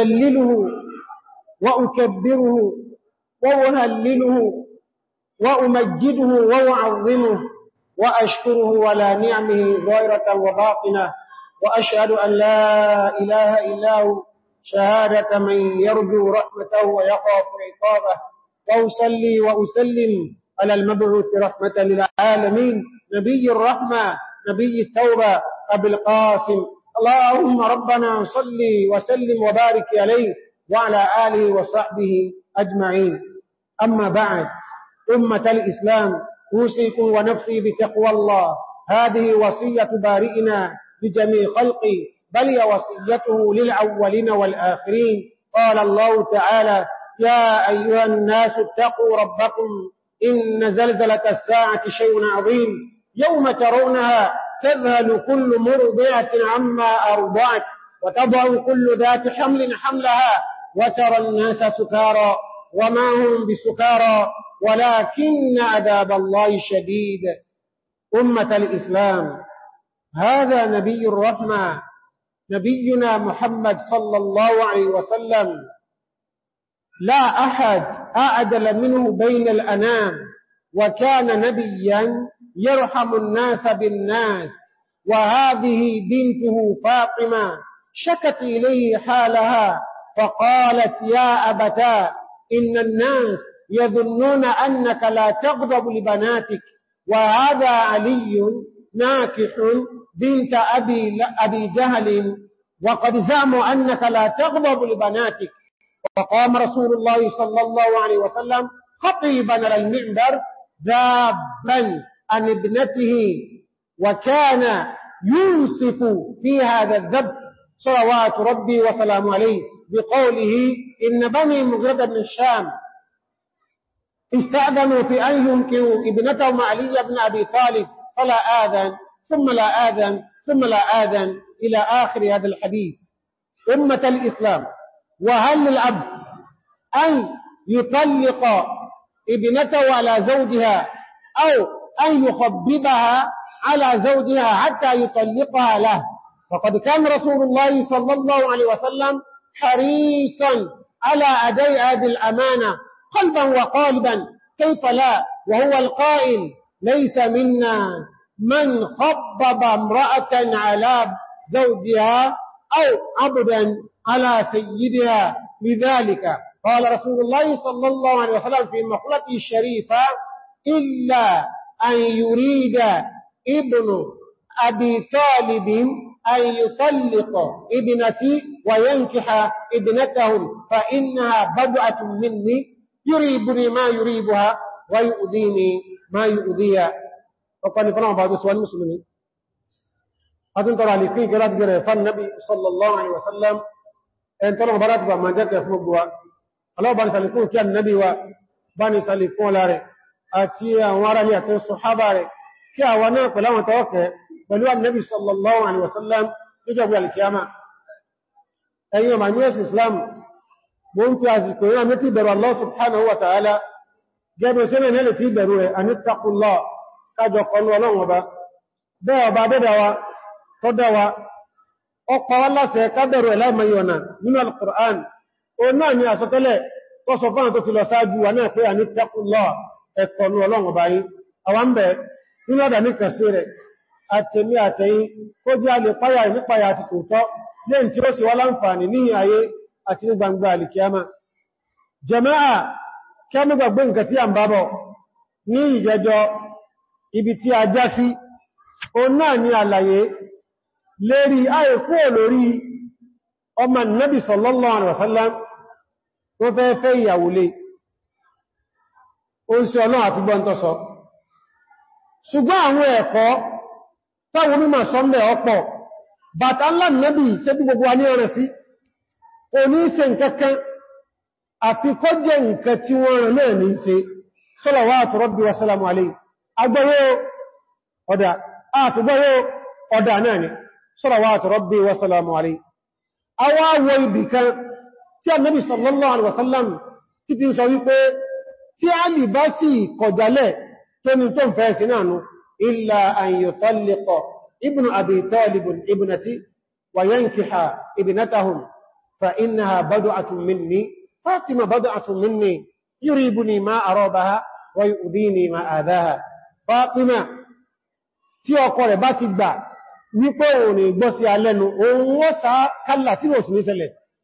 أجلله وأكبره وأهلله وأمجده وأعظمه وأشكره ولا نعمه ظاهرة وباطنة وأشهد أن لا إله إلا هو شهادة من يرجو رحمته ويخاف عقابه وأصلي وأسلم على المبعوث رحمة للعالمين نبي الرحمة نبي التوبة أبي القاسم اللهم ربنا صل وسلم وبارك عليه وعلى آله وصحبه أجمعين أما بعد أمة الإسلام أوصيكم ونفسي بتقوى الله هذه وصية بارئنا لجميع خلقه بل وصيته للأولين والآخرين قال الله تعالى يا أيها الناس اتقوا ربكم إن زلزلة الساعة شيء عظيم يوم ترونها تذهل كل مرضعة عما أرضعت وتضع كل ذات حمل حملها وترى الناس سكارى وما هم بسكارى ولكن عذاب الله شديد أمة الإسلام هذا نبي الرحمة نبينا محمد صلى الله عليه وسلم لا أحد أعدل منه بين الأنام وكان نبيا يرحم الناس بالناس وهذه بنته فاطمة شكت إليه حالها فقالت يا أبتا إن الناس يظنون أنك لا تغضب لبناتك وهذا علي ناكح بنت أبي, أبي جهل وقد زعموا أنك لا تغضب لبناتك وقام رسول الله صلى الله عليه وسلم خطيبا على ذابا عن ابنته وكان يوصف في هذا الذب صلوات ربي وسلام عليه بقوله إن بني مغرب من الشام استأذنوا في أن يمكنوا ابنتهم علي بن أبي طالب فلا آذن ثم لا آذن ثم لا آذن إلى آخر هذا الحديث أمة الإسلام وهل للأب أن يطلق ابنته على زوجها أو أن يخببها على زوجها حتى يطلقها له فقد كان رسول الله صلى الله عليه وسلم حريصا على أداء هذه الأمانة قلبا وقالبا كيف لا وهو القائل ليس منا من خبب امرأة على زوجها أو عبدا على سيدها لذلك قال رسول الله صلى الله عليه وسلم في مقلته الشريفة إلا أن يريد ابن أبي طالب أن يطلق ابنتي وينكح ابنتهم فإنها بدعة مني يريبني ما يريبها ويؤذيني ما يؤذيها وقال نفرع بعض سؤال المسلمين أتن ترى لكي قرات قرأت فالنبي صلى الله عليه وسلم أن ترى براتبا ما جاءت يفمقها Allah bá ní sàlìkún kí annabi wa bá ní sàlìkún ọlá rẹ̀ àti àwọn ará ní àtún sọ̀hábà rẹ̀ kí àwọn náà pẹ̀lú àwọn tọ́ọ̀kẹ́ pẹ̀lú annabi sallallahu alaihi wasallam níjọba alkiyama ẹ̀yin ọmọ àmì islam mo ń fi àsìkò ìran mi ti bẹ̀rù Allah subhanahu wa ta'ala gẹ́gẹ́ sí mẹ́rin lè ti ọpa wá láṣẹ ká bẹ̀rù láìmọ̀ yọ̀nà nínú al-Qur'an òun náà ni àsọtẹ́lẹ̀ tó sọ fáwọn tó ti lọ sáájú wa náà pé à ní tẹ́kùnlọ́ ẹ̀kọ̀nù ọlọ́run ọba àwọn bẹ̀ nínú ní kẹsí rẹ̀ àtẹ̀mí àtẹ̀yìn kó jẹ́ alẹ́ páyà nípayà àti tòótọ́ lẹ́yìn gbangba a mẹ́gbàgbé nǹkan tí o lórí ọmọ nabi wọ́n fẹ́ fẹ́ ìyàwó lé o ń sí ọlọ́ àti gbọ́ntọ́sọ ṣùgbọ́n àwọn ẹ̀kọ́ táwọn mímọ̀ sọ́mẹ̀ ọ̀pọ̀ bàtà ńlá nẹ́bì sẹ́bí gbogbo wa ní ọ̀rẹ̀ sí oní ṣe nkankan àfi kó jẹ́ nkan tí wọ́n rẹ̀ náà ní ṣe tí Ànábì sallallahu alaihi wasallam tí ti ń sọ wípé tí a lè bá sì kọjálẹ̀ tó ní tó ń fẹ́ sí náà nú illa an yutalliqa ibnu abi talib ibnati wa yankiha ibnatahum fa innaha bad'atun minni fatima bad'atun minni yuribuni ma arabaha wa tí ọkọ rẹ̀ bá ti gbà wípé òun ìgbọ́sí alẹ́nu òun wọ́n sá kálà tí wọ́n sì ní ṣẹlẹ̀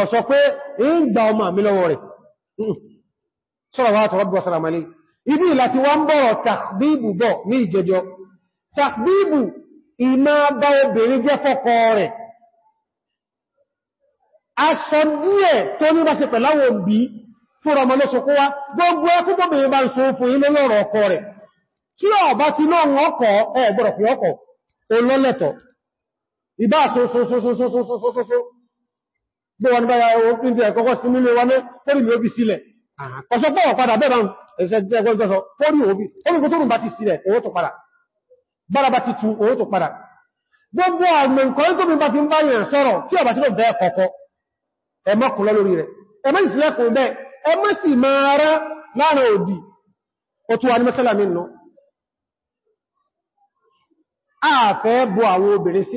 kò sọ pé ń gba ọmọ mi lọ́wọ́ rẹ̀ sọ́rọ̀wátọ̀ rọ́bọ̀ sàràmàlé ibi láti wá ń bọ̀rọ̀ takbíbù bọ̀ ní ìjẹjọ takbíbù ìmá bá obìnrin jẹ́ fọ́kọ rẹ̀ aṣọ díẹ̀ tó ní bá ṣe pẹ̀láwò bí fúnra ọmọ lọ́sọkó wá gbogbo ẹkú bóbìnrin bá ń so bí wọn bára owó pín tí ẹ̀kọ́kọ́ sí nílé wọn lórí mi ó bí sílẹ̀ ọ̀sọ́ pọ̀ padà bẹ́ẹ̀ bá ẹ̀ṣẹ́ jẹ́ ẹgbẹ́ ìjọsọ fórí òbí olùkó tó rùn bá ti sílẹ̀ owó tó padà bára bá ti tu owó tó padà gbogbo àmì nǹkan tó bí bá ti ń bá yẹn sọ̀rọ̀ tí ọba tí ó bẹ́ẹ̀ kọ̀kọ́ ẹmọ́ kù lọ lórí rẹ̀ ẹmọ́ ìsìlẹ̀ kò bẹ́ẹ̀ ẹmọ́ sì máa rá láàrin òdì ó tún wà ní mẹ́sẹ́lá nù ààfẹ́ bo àwọn obìnrin sí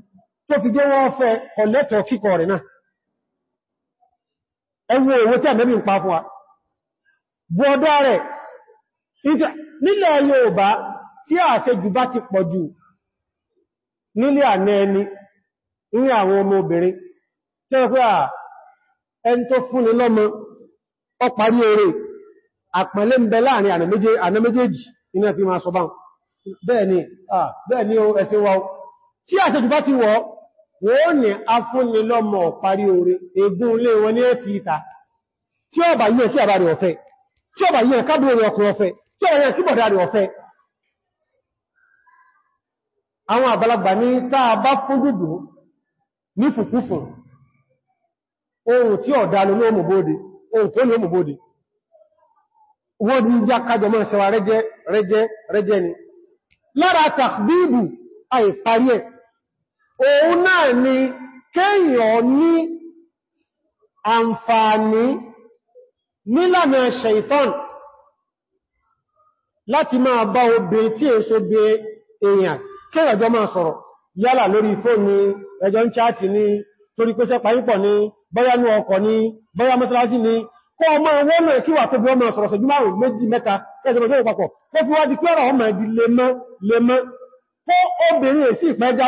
tó fi jẹ́ wọ́n fẹ́ ọ̀lẹ́tọ̀ kíkọ̀ rẹ̀ náà ẹwọ owó tí mẹ́bí ń pa fún wa bọ́ọ̀dọ́ rẹ̀ nílẹ̀ tí jù bá ti pọ̀ jù nílé àná ẹni ní àwọn ọmọ obìnrin tí ó à lọ́mọ àpẹẹlẹ́ ń bẹ láàrin ni ti wọ́ wọ́n ní afúnnilọ́mọ parí orí egún ilé wọn ní ẹ̀tì ìta tí ó bà yíò tí àbá rẹ̀ ọ̀fẹ́ tí ó yíò kábùrò rẹ̀ ọ̀fẹ́ tí ó bá yíò kíbọ̀dá rẹ̀ ọ̀fẹ́ àwọn àbálàgbà ní táa bá fúdùdù ní òun náà ni kéèyàn ní àǹfààní nílànà ṣẹ̀ìtàn láti máa bá obìnrin tí èso bẹ èèyàn kéèyàn jọ máa sọ̀rọ̀ yálà lórí fóònù ẹjọ́ ń cháàtì ní torí pé sẹ́pàá yípọ̀ ní bọ́yá ní ọkọ̀ ní bọ́yá mọ́sálásí ní kọ́ ọmọ wọ́nà kíwà tó bí ọmọ sọ̀rọ̀ sẹ̀jú márùn méjì mẹ́ta ẹjọ́mọ̀jọ́ papọ̀ tó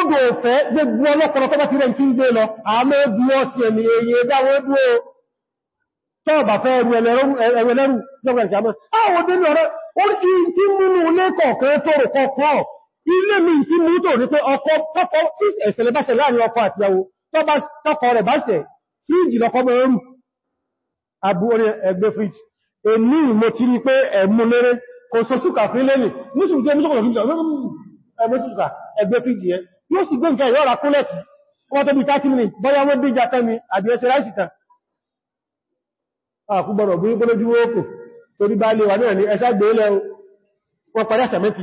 odò òfẹ́ gbogbo ọlọ́pọ̀lọ́ tó bá ti rẹ̀ tí ń gbé lọ àmọ́ dúó sí ẹ̀mì èyẹ dáwọ́ dúó tọ́ọ̀bà fẹ́ ẹrù ẹlẹ́rù lọ́gbẹ̀rẹ̀ kìí àmọ́ àwọn obìnrin ọ̀rẹ́ orí tí múnú ilé kọ̀ọ̀kan tó rò kọ̀ọ̀kọ́ ilé mi tí mú tó rí pé ọkọ fridge èmi mo ti rí pé ẹ̀mú léré kò sọ súkà fún lẹ́nì mú sùn tí ó mú sọ́kọ̀ lọ́fíjọ ẹgbẹ́ fridge yẹn yóò sì gbé nǹkan ìrọ́ra kúnlẹ̀tì wọ́n tó bí 30 minutes bọ́yá wọ́n bí ìjà tẹ́mi àbí ẹsẹ̀ ráìsì tán àkúgbọ̀rọ̀ bú ipò lójú ókò torí bá lè wà náà ní ẹsẹ́ gbé ilẹ̀ padà sàmẹ́tì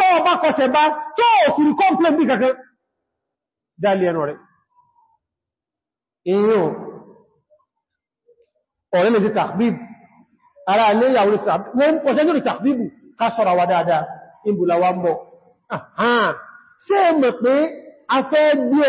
tó ọba kọsẹ̀ bá tó òsìrí kọ́mplẹ̀ bí kàkẹ́ dálé ẹnu rẹ̀ èyàn ọ̀rẹ́ méjì tàbíb ara alẹ́ ìyàwó ìsàbí tàbíbù ká sọ́ra wa dáadáa ìbùlà wa mọ́ ṣe mọ̀ pé a fẹ́ gbé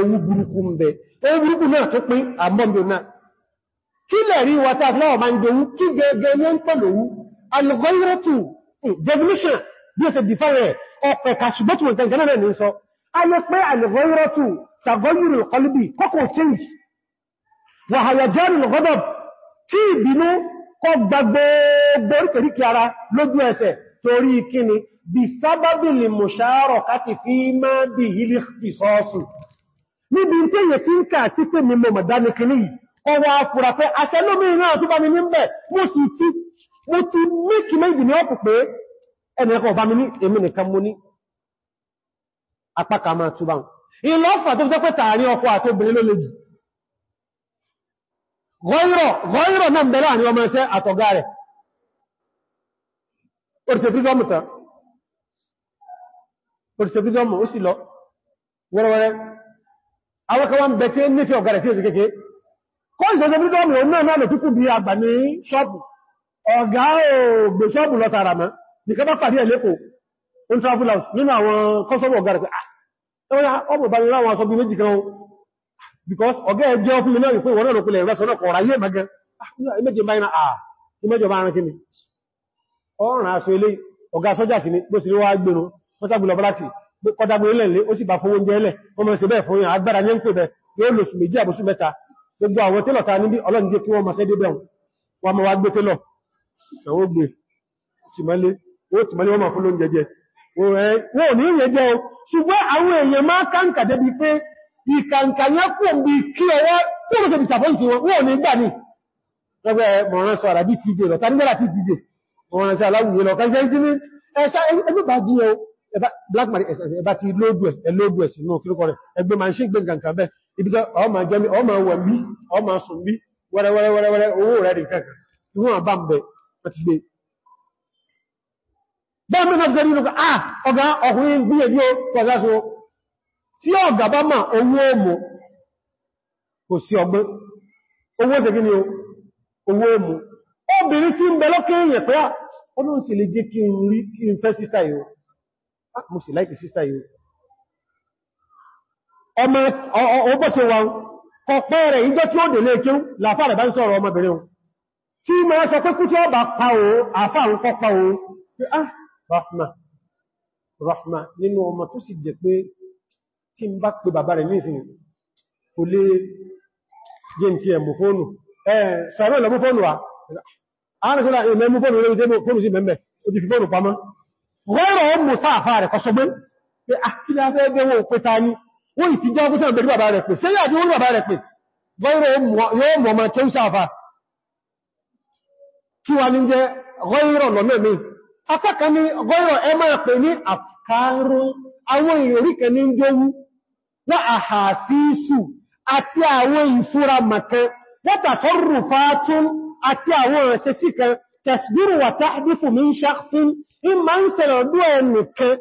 owó burúkú ń bẹ owó burúkú náà tó pín àmọ́bí náà kí lẹ̀rí wata fláwọ̀ máa ń jowú kí gẹ́gẹ́ ló ń pẹ̀lú owú alghayratu definition bí ó ṣe define ọ̀pẹ̀ kàṣùgbọ́tù nǹkan náà ní sọ a lè pé alghayratu taghayyuru alqalbi kọ́kọ̀ change wa hayajanu alghadab tí torí kíni bí sábábìlì mùsáàrọ̀ káti fi máa bí ilé ìsọ́ọ̀sùn níbi tí èyẹ tí ń kà sí pé mi mọ̀ mọ̀dání kìrí ọwọ́ afúra pé aṣẹ́ lómi náà tó bá mi ní ń bẹ̀ mo sì tí mo ti méjì méjì ní ọkù pé ẹnìyàn ọba mi ní èmi nìkan mo ní apákà máa túbá ìlọ́fà tó jẹ́ pé tààrin ọkọ àti obìnrin ló le jù gọ́ìrọ̀ náà bẹ̀rẹ̀ àní ọmọ ẹsẹ́ àtọ̀gá rẹ̀ òrìṣẹ́ fídọ́mù tán òrìṣẹ́ fídọ́mù ó sì lọ wọ́rọ̀wọ́rẹ́ àwọn kan wọ́n bẹ̀ tí ó nífẹ́ ọ̀gá rẹ̀ tí ó sì kéèké kọ́ ìgbẹ̀sẹ̀ freedom rẹ̀ náà náà lè túkù bí àgbà ní ṣọ́pù ọ̀gá ògbè ṣọ́pù lọ tààrà mọ́ ní kẹ́bá pàdé ẹ̀ lẹ́kọ̀ọ́ ń travel out nínú àwọn kọ́sọ́bù ọ̀gá rẹ̀ pé ọmọ ìbá nílá wọn sọ bí méjì kan o because ọ̀gá ẹgbẹ́ ọkùn mi náà wípé wọ́n náà lókùnlẹ̀ rẹ̀ sọ́nà kọ̀ọ̀rọ̀ ayé mẹ́gẹ́ ìmẹ́jọ bá iná àà ìmẹ́jọ bá rántí mi ọ̀rùn aṣọ ilé ọ̀gá sọ́jà sí ni bó sì rí wá gbẹ̀rún pé kọ́dàgbò ilẹ̀ ilẹ̀ ó sì bá fowó oúnjẹ ilẹ̀ wọ́n mọ̀ sí bẹ́ẹ̀ fún ìyàn agbára ní ń pè bẹ̀ yóò lò sí méjì àbúsù mẹ́ta gbogbo àwọn télọ̀ ta níbi ọlọ́run jẹ́ kí wọ́n mọ̀ sẹ́ dé bẹ̀rùn wọ́n mọ̀ wá gbé télọ̀ ẹ̀wọ́ gbé tìmọ́lé ó tìmọ́lé wọ́n mọ̀ fún lóúnjẹ jẹ wọ́n ní ìyẹn jẹ́ o ṣùgbọ́n àwọn èèyàn máa kàǹkà débi pé ìkàǹkà yẹn kò black man ẹ̀bá ti lóòdù ẹ̀ lóòdù ẹ̀ sínú kílùkọ rẹ̀ ẹgbẹ́ ma ń ṣe gbẹ̀gbẹ̀ bẹ́ ibìtọ́ ọmọ jẹ́mi ọmọ wẹ̀ mí ọmọ sùn mí wẹ́rẹ́wẹ́rẹ́wẹ́rẹ́ owó rẹ̀ rìn kẹ́kẹ́ ìwọ̀n bá ń bẹ̀ pẹ̀tí gbé bẹ́ẹ̀ mẹ́fà jẹ́ nínú ah ọ̀gá ọkùnrin gbíyànjú pọ̀láṣọ tí ọ̀gá bá máa owó òmò kò sí ọgbọ́n owó ṣe gíní owó òmò obìnrin tí ń bẹ lọ́kẹ́ èèyàn pé ọdún ah, sì lè jẹ́ kí n rí kí n fẹ́ sísà yóò Ah, mo sì láìkì sísta yìí ọmọ ọgbọ́ tí wọ́n kọ̀pẹ́ rẹ̀ ìjọ tí ó dè léèké láfàrẹ̀ bá ń sọ̀rọ̀ ọmọbìnrin tí ma sọ pé kú tí ó bá pa o àfáàrùn kọ́ pa o pé ah rahma rahma nínú ọmọ tó sì jẹ pé tí ń bá pé bàbá rẹ̀ nísìn kò lè jẹ́ ti ẹ̀mù fóònù ẹ̀ sọ̀rọ̀ ìlọ́mú fóònù wa wọ́rọ̀ ọmọ sáàfà rẹ̀ kọsọgbé pé àkílẹ̀ ah, ẹgbẹ̀wò pé ta ní wọ́n ìtí jẹ́ ọkútẹ́ ìbẹ̀rẹ̀ bàbá rẹ̀ pé sẹ́yà àti wọ́n bàbá rẹ̀ pé gọ́rọ̀ ọmọ ọmọ tó sáàfà kí wà ní jẹ́ gọ́rọ̀ lọ́nà mi apákan ní gọ́rọ̀ ẹ máa pè ní àkàrù àwọn ṣáksín in ma ń tẹ̀lẹ̀ ọdún ẹnìkan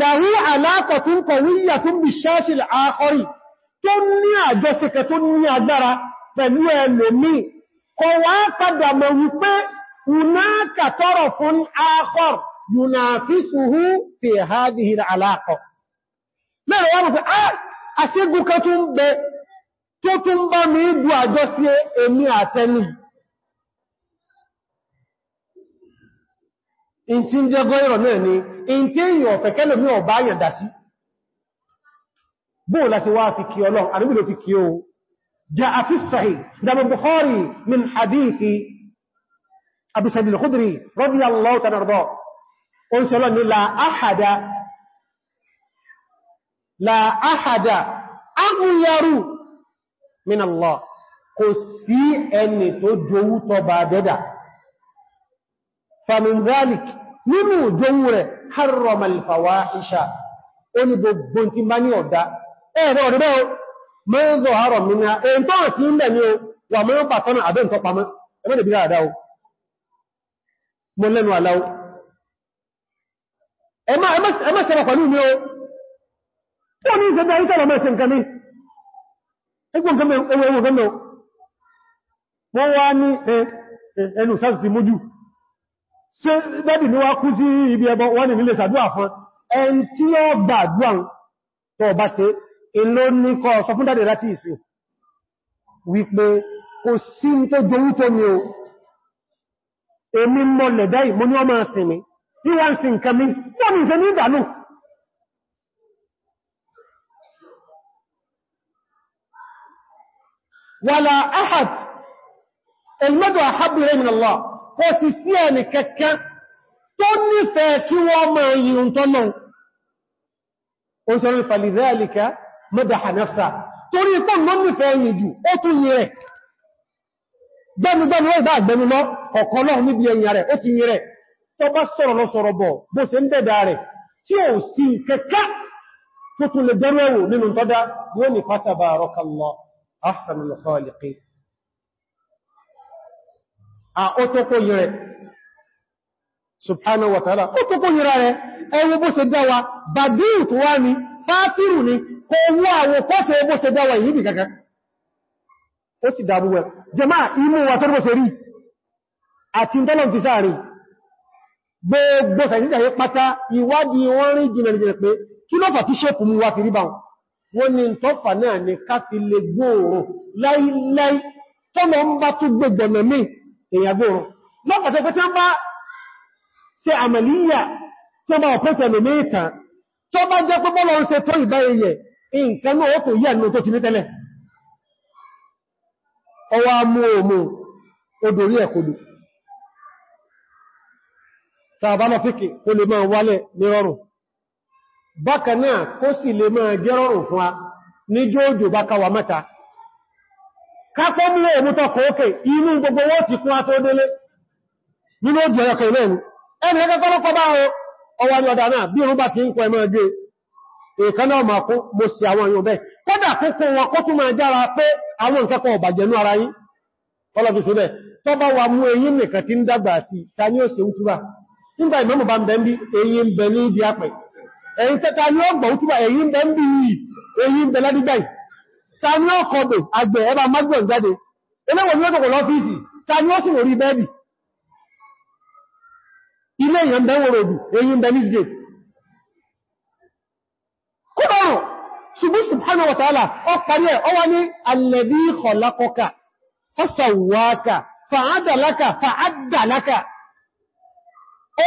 láhú aláàkọ̀ tó ń kọ̀ wíyà tó ń bí ṣáṣì àkọrì tó ní àjọsẹ̀kẹ̀ tó ní agbára pẹ̀lú ẹlòmí kọ wá padà mọ̀ wípé unáka tọrọ fún àkọr yùnàfíṣùhú fi in ti ń jẹ́ gọ́ẹ̀rọ̀ náà ni in tí èyàn ọ̀fẹ́ kẹ́lẹ̀ mí ọ̀bá yẹ̀dà sí bóò láti wá fi kí ọlọ́run àdúgbì ló fi kí o jẹ́ àfíṣàhì dàbí Bukhari min hadithi Abi Sa'id al-Khudri radiyallahu ta'ala anhu ó sọ ní فمن ذلك nínú jowure harramal fawahisha oni gbogbo tí bá ní ọ̀dá ẹ̀rọ ọ̀dọ́ mẹ́rọ harọ mina èyí tó wọ́n sí ilẹ̀ ni o wà mẹ́rọ pàtánà àbẹ́ ǹkan pamọ́ ẹmọ́ ìbí àdá o mọ́ lẹ́nu aláwọ́ ẹmọ́ sẹ́rọ pẹ̀lú mi o tó ní ìsẹ́gbẹ́ ayítọ́lọ mẹ́sẹ̀ ṣe bẹ́bì ní wá kú sí ibi ẹbọ wọ́n ni nílé sàdúwà fún ẹn tí ó gbà àdúwà tó bá ṣe èlò ní kọ́ sọ fún dáadé láti ìsìn wípé kò sí tó jẹun tó ní o èmi mọ́lẹ̀ dáì mo ní ọmọ ìsinmi níwọ̀n sí nǹkan mi wọ́n ni ìfẹ́ ní ìdánù wàlá ahad المدعى حبه من الله kò sì sí ẹni kẹ́kẹ́ tó nífẹ̀ẹ́ kí wọ́n mọ̀ yìí tó náà ó sọ rí fàlìdẹ́ àlìkà mọ́dàhà nafsa torí ipò mọ́ nífẹ̀ẹ́ yìí jù ó tún yìí rẹ̀ gbẹ́nugbẹ́nu ìbá àgbẹ́numọ́ ọ̀kan náà níbi ẹ̀yìn rẹ̀ ó ti yìí rẹ̀ tó bá sọ̀rọ̀ lọ sọ̀rọ̀ bọ̀ bó ṣe ń dẹ̀dà rẹ̀ tí ó sì kẹ́kẹ́ tó tún lè dẹ́rù ẹ̀wò nínú tọ́dá yóò ní pátábà rọ́kànlọ́ ahsanul khaliqin àótókó yìí rẹ̀ subhanahu wa ta'ala ó tó kó yìí rẹ̀ ẹwọ bó ṣe dáwà bàdíù tó wá ní fátírù ní kò wọ́ àwọ̀ kọ́sẹ̀ bó ṣe dáwà yìí bí kankan ó sì dábúwẹ̀ jẹmá imú wa tó bọ́sẹ̀ rí àti tọ́lọ̀n sáàrí wa ti rí báwọn wọ́n ni tọ́fà náà ni ká fi lè gbóòrò èyàn gbóòrùn lọ́pàá pẹ́ tí wọ́n bá ṣe àmàlíyà tí wọ́n bá ọ̀pẹ́ tẹ̀lẹ̀ mẹ́ta tó bá jẹ́ pẹ́ bọ́lọ́ ṣe tó ìbáyẹyẹ nǹkan náà ó tó yẹ ní tó ti ní tẹ́lẹ̀ ọwọ́ amú òmù odòrí ka mú òmú tọkọ̀ òkè inú gbogbo wọ́n ti kún àtó délé nínú òjò ọ̀kẹ̀ ilẹ̀ ni ẹni ẹgbẹ́ lọ́kọ́ bá ọwà ní ọ̀dà ara wa mú eyín nìkan ti ń dàgbà sí ta ni ó ṣe útúbà nígbà ìmọ́mù bá ń bẹ́ ń bí eyín ń bẹ ní ìdí ẹ̀yìn útúbà eyín ń bí eyín bẹ ládígbà ta ní ó kọ̀dọ̀ àgbẹ̀ ẹba magbọ̀n jáde eléwọ̀n ní ọjọ́kọ̀ lọ́fíìsì ta ní ó sì orí bẹ́ẹ̀bì ilé èyàn bẹ́wọ̀ ròdù eyín benis gate kúrọ̀rùn ṣùgbọ́n subhanahu wa ta'ala ọ parí ẹ̀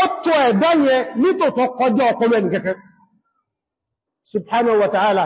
ọ subhanahu wa ta'ala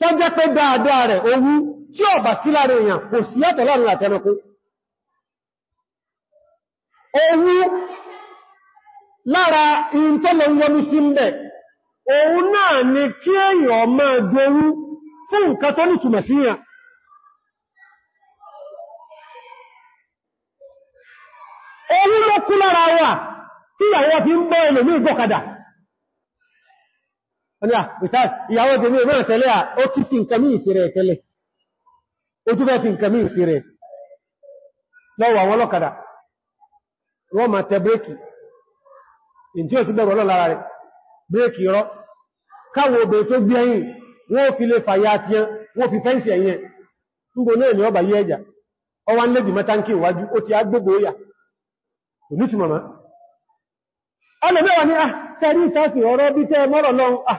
tó jẹ́ pé dáadáa rẹ̀ owú tí ó bà sí láàrin èèyàn kò sí yàtọ̀ láàrin àtẹnukú owú lára ìntọ́lọ sí ń bẹ̀ òun náà ni kí èèyàn fún nǹkan tó ní túnmọ̀ sí yàn owú lára wà tí ọ̀nà ìsáàs ìyàwó tèmi ò mẹ́rin tẹ́lẹ́ à ó kí fi nǹkan míì sí rẹ̀ tẹ́lẹ̀ ó tún bẹ́ fi nǹkan míì sí lọ́wọ́ àwọn ọlọ́kadà wọ́n ma tẹ bírèkì tí ó sì bẹ̀rù ọlọ́lára rẹ̀ bírèkì rọ káwọn obè tó gbé ẹ̀yìn fi lè fàyà àti fi ah sẹ́rí ìsáàsì ọ̀rọ̀ bí tẹ́ mọ́rọ̀ lọ́wọ́ ah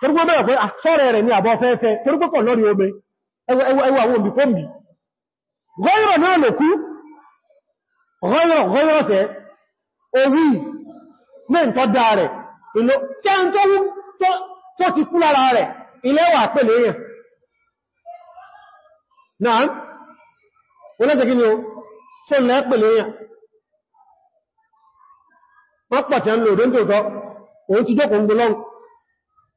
torípé bẹ́ẹ̀ pé àṣọ́rẹ̀ ah, rẹ̀ ní fẹ́ẹ́fẹ́ lọ́rí omi àwọn gọ́yọ̀ náà lè kú gọ́yọ̀ orí dá rẹ̀ tí a ń tó ti kú lára rẹ̀ ilẹ́wà pẹ̀lú èèyàn náà olóṣèkí ni ó ṣe lẹ́ wọ́n ti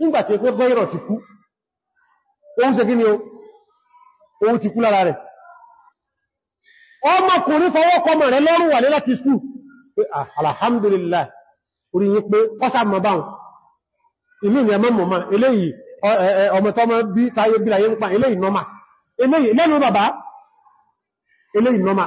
nígbàtí pé gọ́ìrọ̀ ti kú oun ṣe gíní oun ti kú lára rẹ̀ ọmọkùnrin fọwọ́kọmọ̀ rẹ̀ lọ́rùn wà láti skú pé ah, alhamdulillah orí yí pé kọ́sà mọ̀ báhùn ilé ni ẹmọ́ mọ̀má eléyìí ọmọtọ́mọ́ bí táyé bí láyé ń pa eléyìí nọ́mà eléyìí lẹ́nu bàbá eléyìí nọ́mà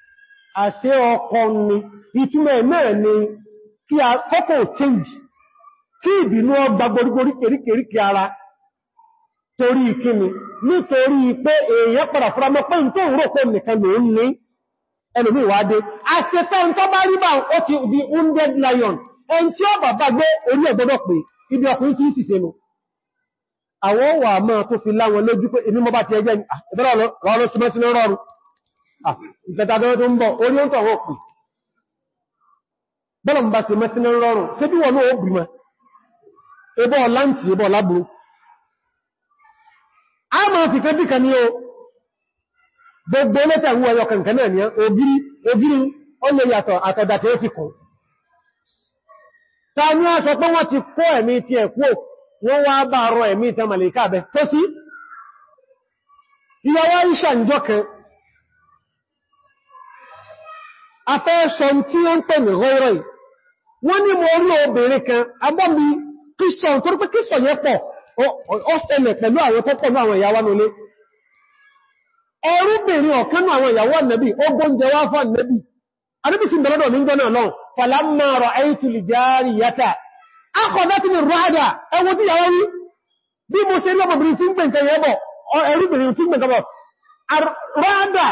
àṣẹ ọkọ̀ ni ìtumẹ̀ náà ni kí a kọ́kọ̀ change kí ìbínú ọgbà gborígborí kèríkèríkè ara torí ìkíni nítorí pé èèyàn tó ń nìkan ń ní ìwádé ń tọ́ bá rí bá ó ti di wounded lion ẹn tí ó bàbá gbé orí pé ibi ọkùnrin tí ń sì sẹ́nu àwọn wà ìkẹtàbẹ̀rẹ̀ ah, tó ń bọ̀ orí ó tọ̀wọ́ pù bọ́lọ̀ bá se mẹ́sìn rọrùn sí bí wọ́n ó bìmọ̀ ẹbọ́ láǹtì ẹbọ́ lábúrú a máa fi kẹ́ bíkà ní o gbogbo mẹ́ta wú ọyọ kẹ̀kẹ́ náà ní ogiri ogiri ọlọ yàtọ̀ àtọ̀dà ta afẹ́ẹ́sọ tí ó ń pè ní rọ́rọ̀ yìí wọ́n ní mo rí obìnrin kan abọ́mi kíṣọ tó rí pé kíṣọ yẹ pọ̀ ọ́sẹ̀lẹ̀ pẹ̀lú àwọn pọ́pọ̀ ní àwọn ìyàwó nílé ọrúbìnrin ọ̀kan àwọn ìyàwó nẹ́bì ó gbóúnjẹ wá fún nẹ́bì adébì sí ìbẹ̀lọ́dọ̀ ní jọ náà lọ falamma ra'aytu al-jariyata akhadhatni ar-ra'da ẹwọ bí mo ṣe lọ́mọbìnrin tí ń pè ń tẹ́yẹ bọ̀ ẹrúbìnrin tí ń pè ń tẹ́yẹ bọ̀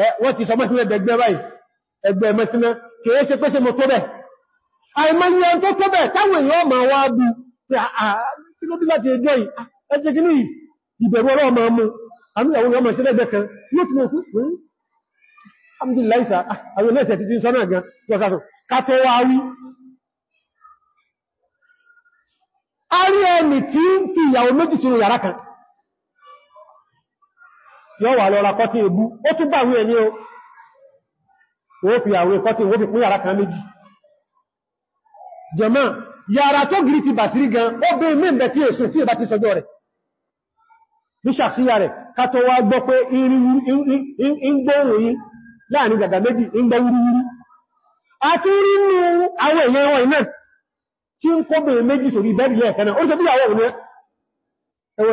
Eh, wọ́n ti sọ mẹ́sìnà ẹgbẹ́ báyìí ẹgbẹ́ mẹ́sìnà kìí ṣe pé ṣe tó bẹ̀. àìmọye tó tó bẹ̀ táwọn èèyàn ma wá bú ah, ah, kí ah, kan hmm, ẹni tí ń fi ìyàwó méjì sínú yàrá kan yóò wà lọ́ra ebu otu ó tún bá wí ẹni o ó fi àwọn kọ́tí wó fi pín yàrá kan méjì jẹ̀mọ́ yàrá tó gírí ti bà sírí gan ó bẹ́ mẹ́bẹ̀ tí èsùn tí ìbá ti sọjọ́ rẹ̀ ní ṣàfíyà rẹ̀ kátó wá gbọ́ pé iri nri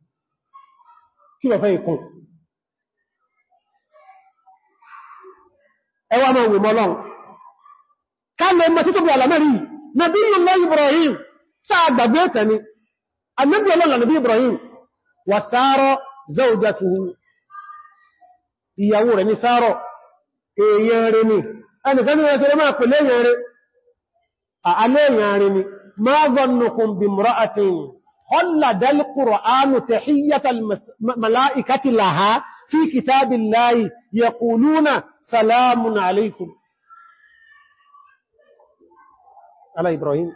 kí lọ fẹ́ ikùn ẹwà náà wè mọ́lọ́n káàlẹ̀ mọ́ sí tó bí alamẹ́rí nàbí lọ́lọ́ Ibrahim sáà gbàgbé tẹ̀ni annabi ọlọ́lọ́ nàbí Ibrahim wà sáárọ̀ zaujatuhu ìyàwó rẹ̀ ni ẹnìkan èèyàn rẹ̀ ni خلد القرآن تحية الملائكة لها في كتاب الله يقولون سلام عليكم على إبراهيم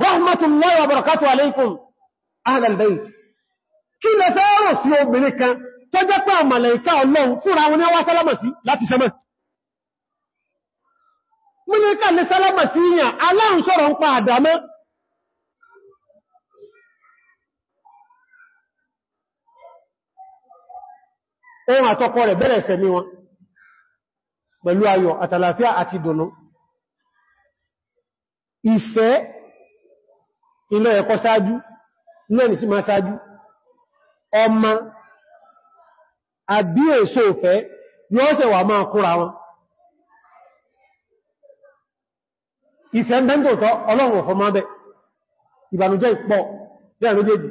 رحمة الله وبركاته عليكم أهل البيت kí lẹ fẹ́ rò sí obìnrin kan tó jẹ́ pé àmàlẹ̀ká ọlọ́run fúnra wọn ní wá sálámà sí láti sẹ́mọ̀. mú ní ká lè sálámà sí ìyàn sọ́rọ̀ ń pa àdámẹ́ ohun àtọkọ rẹ̀ bẹ̀rẹ̀ sẹ̀mí wọn pẹ̀lú ayọ̀ àtàlàfíà àti ìdùnnú ìfẹ́ ilé ẹ̀kọ́ sáájú lẹ́ni sí máa sáájú ọmọ àbí èso ìfẹ́ yóò tẹ̀wà máa kúra wọn ìfẹ́ ń bẹ́ntòótọ́ ọlọ́run ọ̀fọ́ máa bẹ̀ ìbànújẹ́ ìpọ̀ lẹ́ẹ̀lú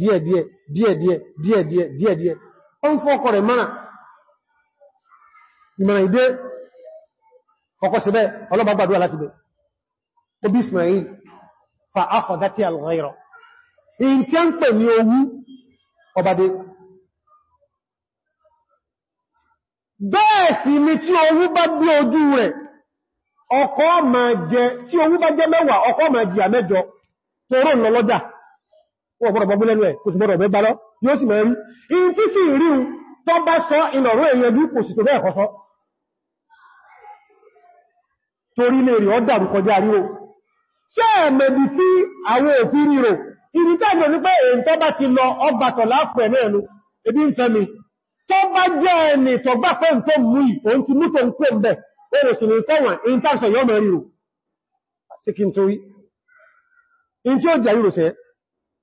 díẹ̀díẹ̀ díẹ̀díẹ̀ díẹ̀díẹ̀ díẹ̀díẹ̀ ó ń fọ́kọ̀ rẹ̀ mọ́nà ìmọ̀ràn ìdé ọkọ̀ síbẹ̀ ọlọ́bà gbàdúrà láti bẹ̀ ó bí Ismail fa akọ̀dátí al-ghayra in tí a ń pè ní owú ọbadé bẹ́ẹ̀ sì ni tí owú bá gbé ojú rẹ̀ ọkọ̀ máa jẹ tí wọ́n bọ́rọ̀ bọ́bú lẹ́nu ẹ̀ kò sì bọ́rọ̀ bẹ́ balọ́ yóò sì mẹ́rin in tí sì rí un tó bá sọ ìlọ̀rọ̀ èèyàn bí kò sì tó bẹ́ẹ̀ kọ́sọ́ torí lè rí ọ́dàrù kọjá rí ebi ń fẹ́ mi tó bá jẹ́ ẹni tó gbà pé tó mú ì òun ti mú tó ń pè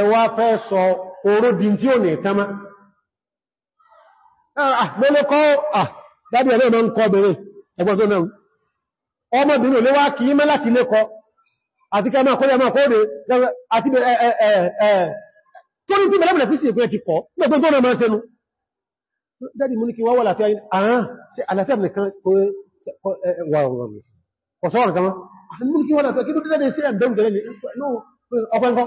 ẹwà fẹ́ sọ oró di tí ò ní ìtama ah, ah, àgbẹ́lẹ́kọ́ àdábí ah, ẹ̀lẹ́ ọmọ ń kọ́ bẹ̀rẹ̀ ẹgbọ́n tó náà ọmọbìnrin olówá kì í mẹ́ láti lẹ́kọ́ àti kẹ́ máa kọ́ yàmá kọ́ rẹ̀ àti tó ní tí mẹ́lẹ́mẹ́lẹ́ fíṣì ìpínlẹ̀ ti kọ́ gbogbo tó náà máa ṣẹnu dádì mú ní kí wá wà láti àrán sí àlàáfíà nìkan wà ọ̀rọ̀ ọ̀sọ́rọ̀ kan mú ní ẹ̀kọ́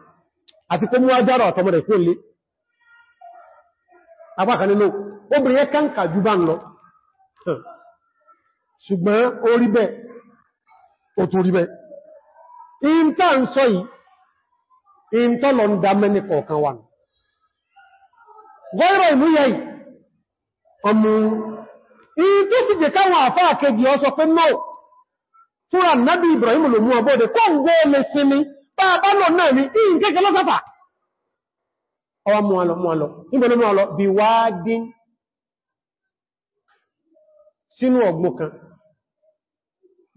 àti kó mú ajára àtọmọ̀rẹ̀ kó lè apákanínú obìnrin kánkà jù bá ń lọ ṣùgbọ́n ó rí bẹ́ ó tó rí bẹ́ ìntà ń sọ yìí ìntà lọ ń dá mẹ́ni kọ̀ọ̀kan wà ní gọ́rọ̀ ìlú yẹ ọmọ ìntà sì Ibrahim lò mú ọbọ́dẹ̀ kọ́ bábálò náà ni ìyìn kéèkéé lọ́sàfà ọwọ́ mú alọ mú alọ níbẹ̀lẹ̀ mú alọ bí wá dín sínú ọgbọ̀ kan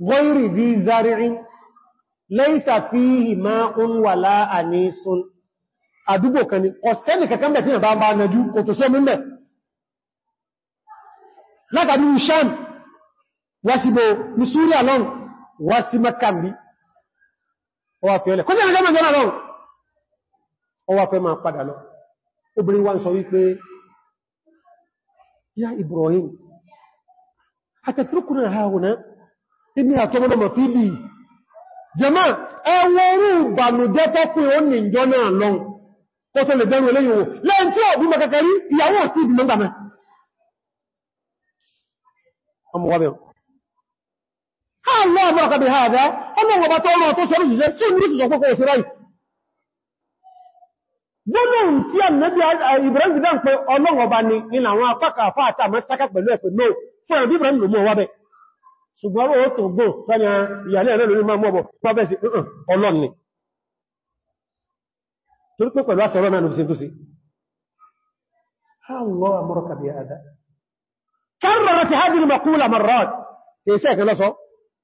gọ́ìrì bí zari'in lẹ́ìsà fi ìmá ń wà láà ní sun àdúgbò kan ni ọ̀sẹ́nì kankan bẹ̀ tí ọwà fi ọlẹ̀ kó sí ẹ̀rẹ́ jẹ́mọ̀ jẹ́mọ̀ lọ́rùn ọwà fẹ́ máa padà lọ obìnrin wa ń sọ wípé ya Ibrahim àtẹ̀tìrúkùnrin àhàhùnà ibi àtọmọ́dọ̀mọ̀ fi bí jẹ́mọ̀ ẹwọ́rú ìbànújẹ́ tọ́kùn ó ní ìjọ náà lọ kó tó lè الله أمرك بهذا الله وبطوله وتوسر رجزة سن رجزة وقوة وسرائي gbọ́nà tí a nẹ́bí Ibrahim dán pé ọlọ́wọ̀ bá ní ilẹ̀ àwọn apákà fàátà mọ́ sáká pẹ̀lú ẹ̀pẹ̀ náà fún ẹ̀bí Ibrahim ló mọ́ wá bẹ̀ ṣùgbọ́n ó pẹ̀lú àṣẹ ọlọ́nà lóbi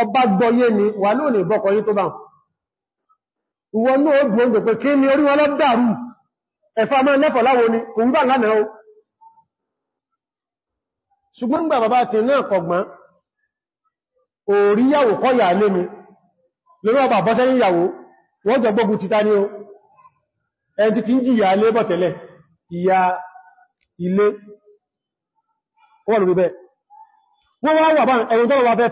ọba gbọ́yé ni wà ló ní bọ́kọ̀ yí tó bá wọn ní oògùn oúnjẹ pé kí ni orí wọn lọ dàrú ẹ̀fà mọ́ ẹlẹ́fọ̀ láwọn ni kò ń bá lánàá o ṣùgbọ́n gbà bàbá ti náà kọgbọ́n òríyàwó kọ́ yà lé mi lórí ọba bọ́sẹ́ níyàwó wọ́n jọ gbógun títà ní o ẹni tí ti ń jìyà lé bọ̀ ìyà ilé wọ́n lórí bẹ́ẹ̀ wọ́n wá wà bá ẹni tó wà fẹ́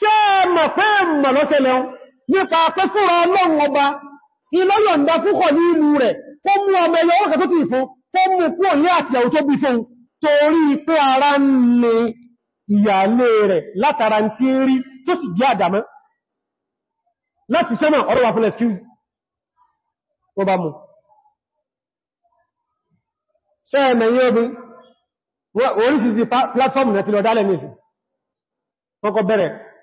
ṣe mọ̀ fẹ́ mọ̀ lọ́sẹ̀lẹ̀ nípa pẹ́ fúnra ọlọ́run ọba ìlọ́yọ̀ ń dá fúnkọ̀ ní ìlú rẹ̀ tó mú ọmọ ẹyọ ọkà tó ti fún tó mú kúrò ní àti ẹ̀wù tó bí fún torí pé ara ń lè ìyàlé rẹ̀ látara tí ń rí tó sì jẹ́ àdámọ́ láti sẹ́mọ̀ ọ̀rọ̀ wà fún excuse ó bẹ̀rẹ̀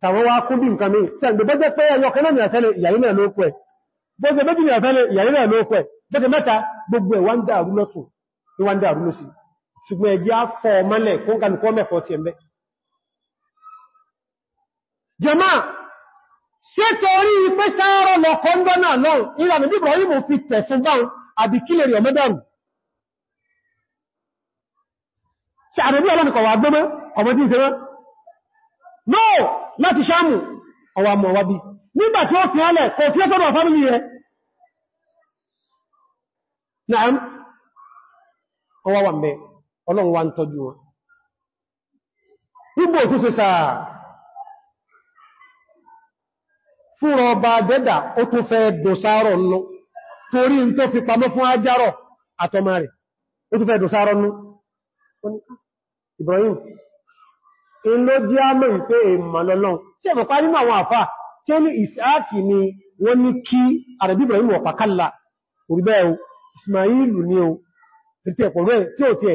tàwọn wá kún bí nǹkan mi tí ẹ̀gbẹ̀ bọ́jẹ́ pé ẹyọ kanáà ni àtẹ́lẹ̀ ìyàrí náà ló pẹ̀ bọ́jẹ́ méjì ni àtẹ́lẹ̀ ìyàrí náà ló pẹ̀ bọ́jẹ́ mẹ́ta gbogbo ẹ̀ wá ń dàrú lọ́tún ní wá ń dàrú lọ́sí ṣùgbọ́n ẹjẹ́ afọ́ ọmọlẹ̀ kó ń kanukọ́ mẹ́fọ́ ti ẹ̀mẹ́ jẹma ṣé torí pé sáárọ̀ lọ kọ́ńdọ́ náà lọ ìlànà bí Ibrahim fi tẹ̀sùn báun àbí kílè rí ọmọ dàrú ṣe àdébí ọlọ́nìkọ̀ wà gbọ́mọ́ ọmọdé ìṣẹ́rẹ́ no láti shamu ọwà mọ̀ wábí nígbà tí ó fi hálẹ̀ kò tí ó fámílì rẹ̀ náà ọwà wà mẹ́ ọlọ́run ń tọ́jú wọn ọba dẹ́dà ó tún fẹ́ dòsáàrọ̀ torí tó fi pamọ́ fún ajárọ̀ àtọmà rẹ̀ ó tún in ló dí ámọ̀ ìpé ìmọ̀lọ́lọ́ tí ẹ̀mọ̀ pa nínú àwọn àfá tí ó ní ìsáàkì ni wọ́n ní kí àrẹ̀bí Ibrahim ọ̀pàkálà oríbẹ̀ o Ismailu ni o ẹ̀pọ̀ rẹ̀ tí ó ti ní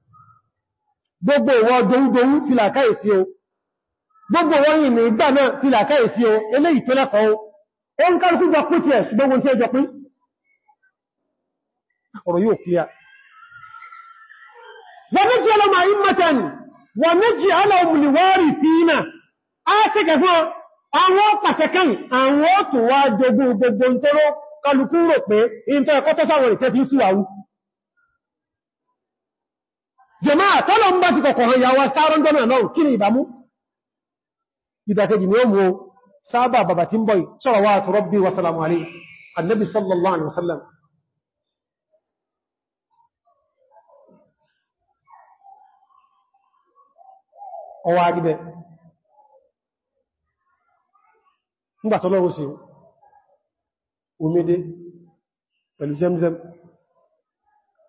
gbogbo ìwọ doúdoú filakáìsí o gbogbo wọ́n yìí ní ìgbà náà filakáìsí o o ń kárùkú jọ pín tí ẹ̀ ṣùgbogbo tí ó jọ pín ọ̀rọ̀ yóò kíyà wọ́n wọ́n méjì aláwọ̀mùlìwárì síínà á jẹmá àtọ́lọ ń bá ti kọ̀kọ̀ hàn yàwó sáárọ̀ jọ́nà náà kí ni ìbámú ìdàkejì ni ó mú sábà bàbà tí ń bọ̀ salawatu rabbi wa salamu alayhi annabi sallallahu alaihi wasallam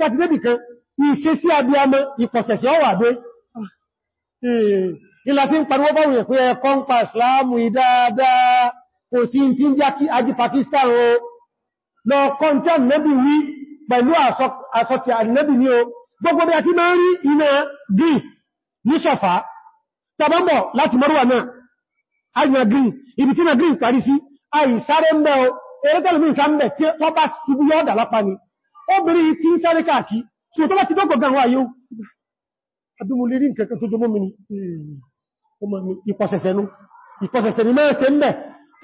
tẹ́tí débì kan ìṣe sí abiyamọ ìpọ̀sẹ̀sẹ̀ ọwà dé ìlà ah, eh, tí ń pariwọ́ báwọn èkú ẹ̀kọ́ ń pa ìsìláàmù ìdáadáa kò sí tí ń jákí ají Pakistan o lọ kọ́ntẹ́ nẹ́bì wí pẹ̀lú àsọtí ànẹ́bì ní o gbogbo tí na green parí sí àìsáré mẹ́ o eré tẹ́lùmí ìsámbẹ̀ tí wọ́n bá ṣubú yọ́ọ̀dà lápá ni obìnrin tí ń sáré káàkí tí ó tó bá ti dọ́gbọ̀ gan wá yóò adúmúlé rí nǹkan tó jọmọ́ mi ni ìpọ̀sẹ̀sẹ̀nú ìpọ̀sẹ̀sẹ̀nú mẹ́rẹ̀ sí mẹ́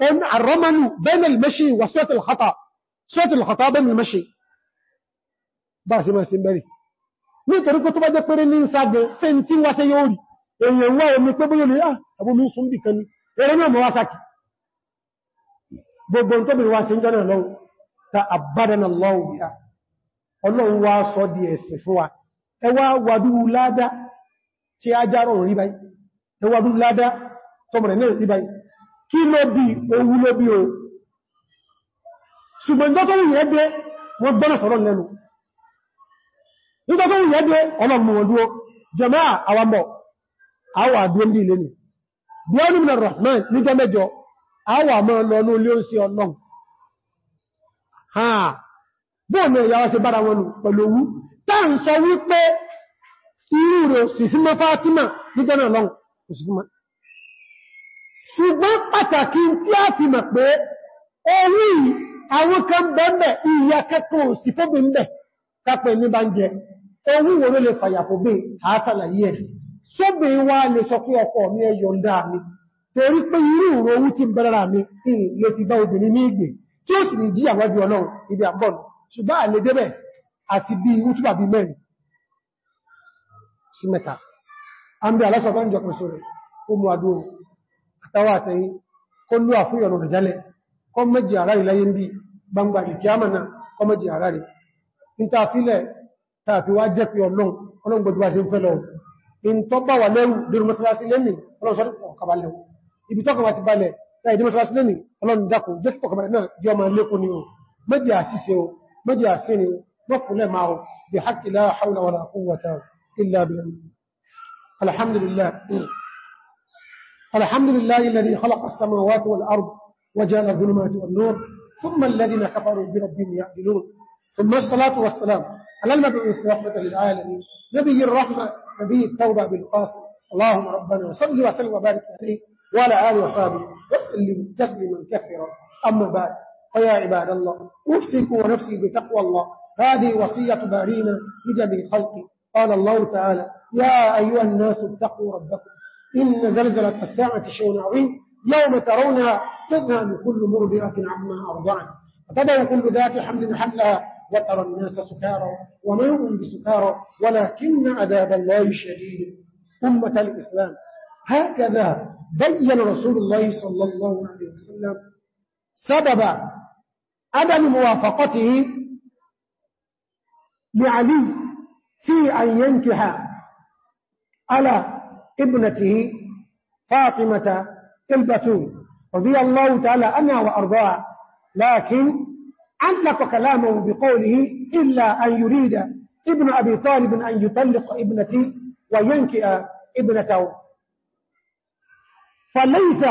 ẹn àrọ́mọ́nù bẹ́ẹ̀mẹ̀ lẹ́ṣì wà sọ́ọ̀tìlọ̀kọ̀tà bẹ́ẹ̀mẹ̀ lẹ́ṣì bá sí mẹ́ sí mẹ́rẹ̀ nítorí pé tó bá jẹ́ pẹ́rẹ́ ní ìsàgbẹ̀ sí tí wá sí yóò rí èèyàn wá omi pé ah, náà lọ́wọ́ ta àbádẹ́nà lọ́wọ́ bí i ọlọ́run wá sọ di ẹ̀sìn fún wa ẹwà wàdú ládá tí a járọ̀ rí báyìí ẹwàdú ládá tọmọ̀rẹ̀ náà rí báyìí kí ló bí owú ló bí o ṣùgbọ́n tọ́tọ́rù yẹ́dẹ́ wọ́n ni bí ọ́nà mìíràn rahman níjọ́ mẹ́jọ àwà mọ́ lọ bóòmù ìyá wá sí bára wọn pẹ̀lú owú táà ń sọ wípé irú rẹ̀ sì fún mọ́ Fátímà nígbẹ́nà lọ́wọ́ òsìfúnmọ́ ṣùgbọ́n pàtàkì tí a fi mọ̀ pé orí àwọn kan bẹ́ẹ̀bẹ̀ ìyá kẹ́kọ̀ọ́ sí fóbi ń bẹ̀ kápẹ̀ ní bá ń jẹ owú wo ló lè fàyà fóbi àásàlàyé ẹ̀ sóbi wá lè sọ pé ọkọ tí ó sì ní jíyàwó ẹbí ọlọ́run ibi àbọ̀nù ṣùgbọ́n àlè débẹ̀ àti bí útùbà bí mẹ́rin sí mẹ́ta. a ń bí alásọ̀bá ń jọkùn sórẹ̀ ó mú adó àtàwà àtẹ́yìn kó lú àfúyọ̀nà rẹ̀ jálẹ̀ kó méjì àrárí láyé ń bí gbangba ìkíámànà kó méjì àrárí níta fílẹ̀ tààfi wá jẹ́ pé ọlọ́run ọlọ́run gbogbo bá ṣe ń fẹ́ lọ in tó bá wà lẹ́rù dérú mọ́sálásí lẹ́mì ọlọ́run sọ́rọ̀ ọ̀kabalẹ̀ ibi tọ́kọ̀ bá ti balẹ̀ láì dé mọ́sálásí lẹ́mì ọlọ́run dákò jẹ́ kọ̀kọ̀balẹ̀ náà jẹ́ ọmọ lékún ni ó méjì àṣìṣe مجي عسيني الله معه بحق لا حول ولا قوة إلا بالله الحمد لله الحمد لله الذي خلق السماوات والأرض وجعل الظلمات والنور ثم الذين كفروا بربهم يعدلون ثم الصلاة والسلام على المبعوث رحمة للعالمين نبي الرحمة نبي التوبة بالقاسم اللهم ربنا وصلي وسلم وبارك عليه وعلى آله وصحبه وسلم تسليما كثيرا أما بعد فيا عباد الله أوسك ونفسي بتقوى الله هذه وصية بارينا لجميع الخلق قال الله تعالى يا أيها الناس اتقوا ربكم إن زلزلة الساعة شيء عظيم يوم ترونها تذهب كل مرضعة عما أرضعت وتدع كل ذات حمل حملها وترى الناس سكارى وما هم بسكارى ولكن عذاب الله شديد أمة الإسلام هكذا بين رسول الله صلى الله عليه وسلم سبب عدم موافقته لعلي في أن ينكح على ابنته فاطمة البتول رضي الله تعالى عنها وأرضاها لكن علق كلامه بقوله إلا أن يريد ابن أبي طالب أن يطلق ابنتي وينكئ ابنته فليس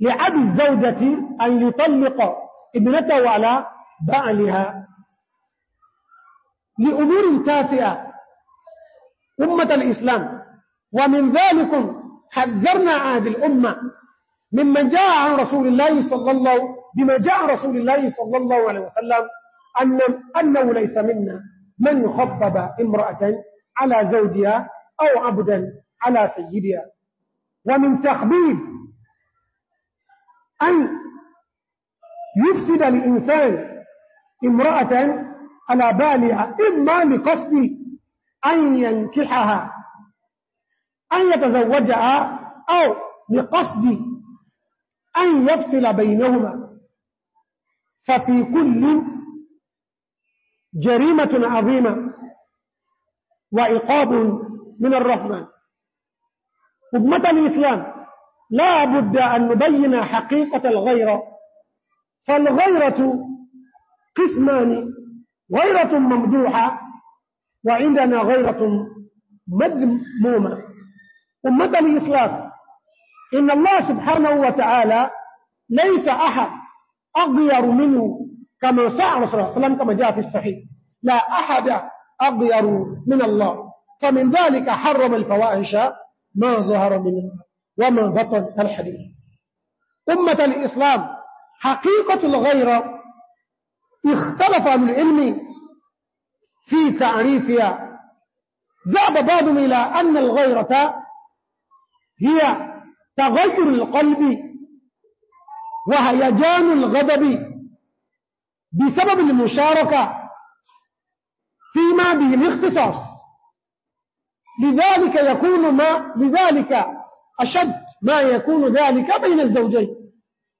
لأبي الزوجة أن يطلق ابنته على بعلها لأمور تافئة أمة الإسلام ومن ذلك حذرنا هذه الأمة ممن جاء عن رسول الله صلى الله بما جاء رسول الله صلى الله عليه وسلم أن أنه ليس منا من يخطب امرأة على زوجها أو عبدا على سيدها ومن تخبيب أن يفسد الإنسان امرأة على بالها إما لقصد أن ينكحها أن يتزوجها أو لقصد أن يفصل بينهما ففي كل جريمة عظيمة وعقاب من الرحمن أمة الإسلام لا بد أن نبين حقيقة الغيرة فالغيرة قسمان غيرة ممدوحة وعندنا غيرة مذمومة أمة الإسلام إن الله سبحانه وتعالى ليس أحد أغير منه كما سعى رسول الله وسلم كما جاء في الصحيح لا أحد أغير من الله فمن ذلك حرم الفواحش ما ظهر منها وما بطن الحديث أمة الإسلام حقيقة الغيرة اختلف أهل العلم في تعريفها ذهب بعضهم إلى أن الغيرة هي تغير القلب وهيجان الغضب بسبب المشاركة فيما به الاختصاص لذلك يكون ما لذلك أشد ما يكون ذلك بين الزوجين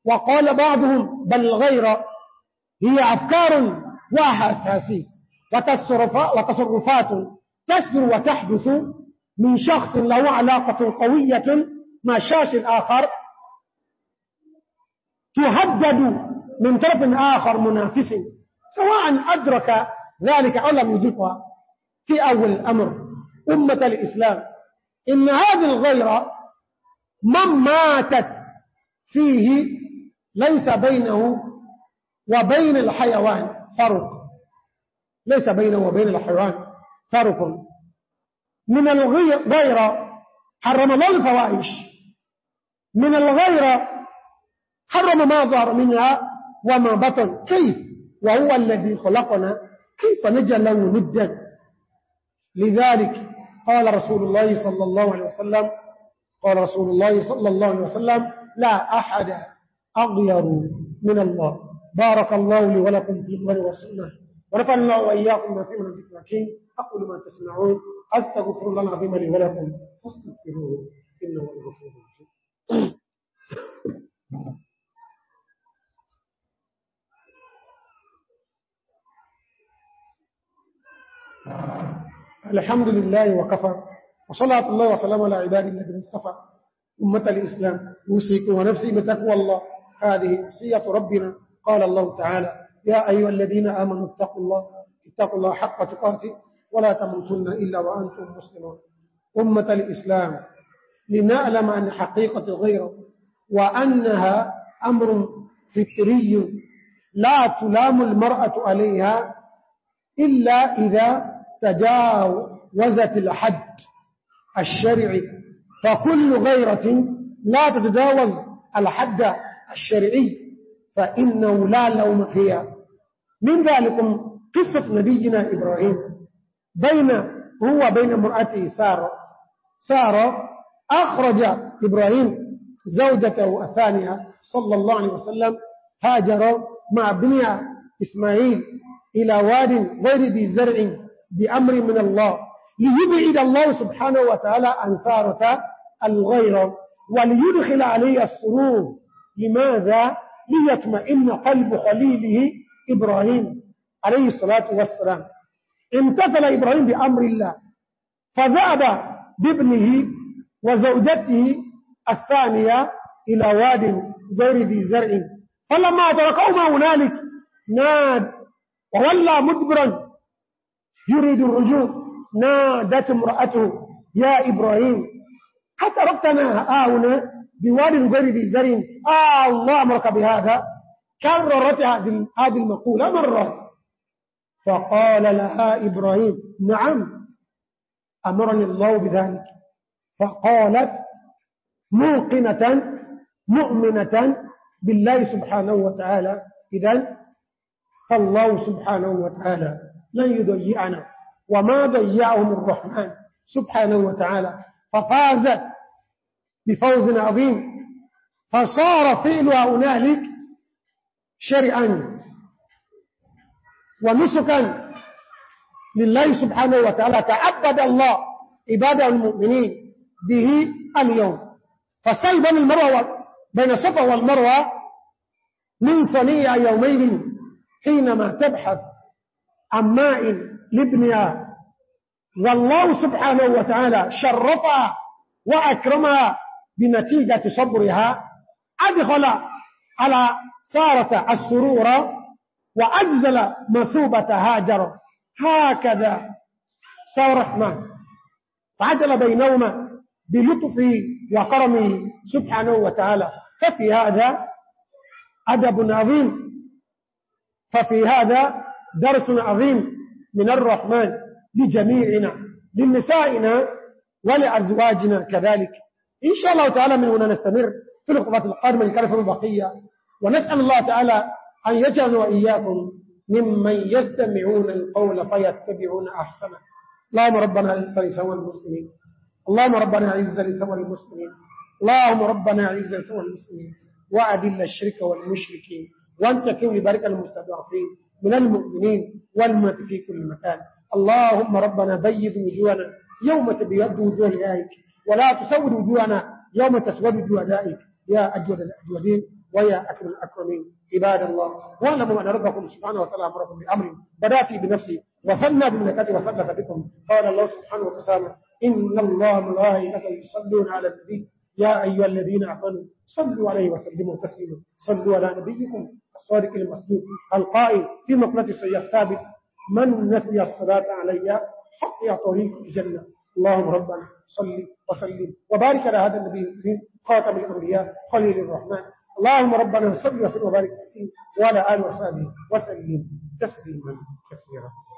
وقال بعضهم بل غير هي أفكار وأحاسيس وتصرفات تصدر وتحدث من شخص له علاقة قوية مع شاش آخر تهدد من طرف آخر منافس سواء أدرك ذلك أو لم يدركها في أول الأمر أمة الإسلام إن هذه الغيرة من ماتت فيه ليس بينه وبين الحيوان فرق ليس بينه وبين الحيوان فرق من الغيرة حرم الله الفواحش من الغيرة حرم ما ظهر منها وما بطن كيف وهو الذي خلقنا كيف نجله ندا لذلك قال رسول الله صلى الله عليه وسلم قال رسول الله صلى الله عليه وسلم لا أحد أغير من الله بارك الله لي ولكم في القرآن والسنة ورفع الله وإياكم ما فيه من الذكر أقول ما تسمعون أستغفر الله العظيم لي ولكم فاستغفروه إنه الغفور الرحيم الحمد لله وكفى وصلاة الله وسلامه على عباد الله المصطفى أمة الإسلام يوصيكم ونفسي بتقوى الله هذه وصية ربنا قال الله تعالى يا أيها الذين آمنوا اتقوا الله اتقوا الله حق تقاته ولا تموتن إلا وأنتم مسلمون أمة الإسلام لنعلم أن حقيقة غيره وأنها أمر فطري لا تلام المرأة عليها إلا إذا تجاوزت الحد الشرعي فكل غيرة لا تتجاوز الحد الشرعي فإنه لا لوم فيها من ذلك قصة نبينا إبراهيم بين هو بين امرأته سارة سارة أخرج إبراهيم زوجته الثانية صلى الله عليه وسلم هاجر مع ابنها إسماعيل إلى واد غير ذي زرع بأمر من الله ليبعد الله سبحانه وتعالى عن سارة الغيرة وليدخل عليه السرور لماذا ليطمئن قلب خليله إبراهيم عليه الصلاة والسلام امتثل إبراهيم بأمر الله فذهب بابنه وزوجته الثانية إلى واد غير ذي زرع فلما تركهما هنالك ناد وولى مدبرا يريد الرجوع نادت امرأته يا إبراهيم أتركتنا هنا بوالي الغير ذي الزرين آه الله أمرك بهذا كررت هذه المقولة مرات فقال لها إبراهيم نعم أمرني الله بذلك فقالت موقنة مؤمنة بالله سبحانه وتعالى إذا فالله سبحانه وتعالى لن يضيعنا وما ضيعهم الرحمن سبحانه وتعالى ففازت بفوز عظيم فصار فعل هنالك شرعا ونسكا لله سبحانه وتعالى تعبد الله عباده المؤمنين به اليوم فالسعي بين المروة بين الصفا والمروة من صنيع يومين حينما تبحث عن ماء لابنها والله سبحانه وتعالى شرفها وأكرمها بنتيجة صبرها أدخل على سارة السرور وأجزل مثوبة هاجر هكذا سوى الرحمن فعدل بينهما بلطفه وكرمه سبحانه وتعالى ففي هذا أدب عظيم ففي هذا درس عظيم من الرحمن لجميعنا لنسائنا ولأزواجنا كذلك إن شاء الله تعالى من هنا نستمر في الخطبات القادمة لكرف البقية ونسأل الله تعالى أن يجعلنا وإياكم ممن يستمعون القول فيتبعون أحسنه اللهم ربنا عز لسوى المسلمين اللهم ربنا عز لسوى المسلمين اللهم ربنا عز لسوى المسلمين وأدل الشرك والمشركين وأنت كون لبارك المستدعفين من المؤمنين والمت في كل مكان اللهم ربنا بيض وجوهنا يوم تبيض وجوه لآيك ولا تسود وجوهنا يوم تسود وجوه دائك يا أجود الأجودين ويا أكرم الأكرمين عباد الله واعلموا أن ربكم سبحانه وتعالى أمركم بأمر بداتي بنفسي وثنى بالملكة وثلث بكم قال الله سبحانه وتعالى إن الله ملائكته يصلون على النبي يا أيها الذين آمنوا صلوا عليه وسلموا تسليما صلوا على نبيكم الصادق المصدوق القائل في مقلة السيئة الثابت من نسي الصلاة علي حق يا طريق الجنة اللهم ربنا صل وسلم وبارك على هذا النبي الكريم خاتم الأولياء خليل الرحمن اللهم ربنا صل وسلم وبارك عليه وعلى آله وصحبه وسلم تسليما كثيرا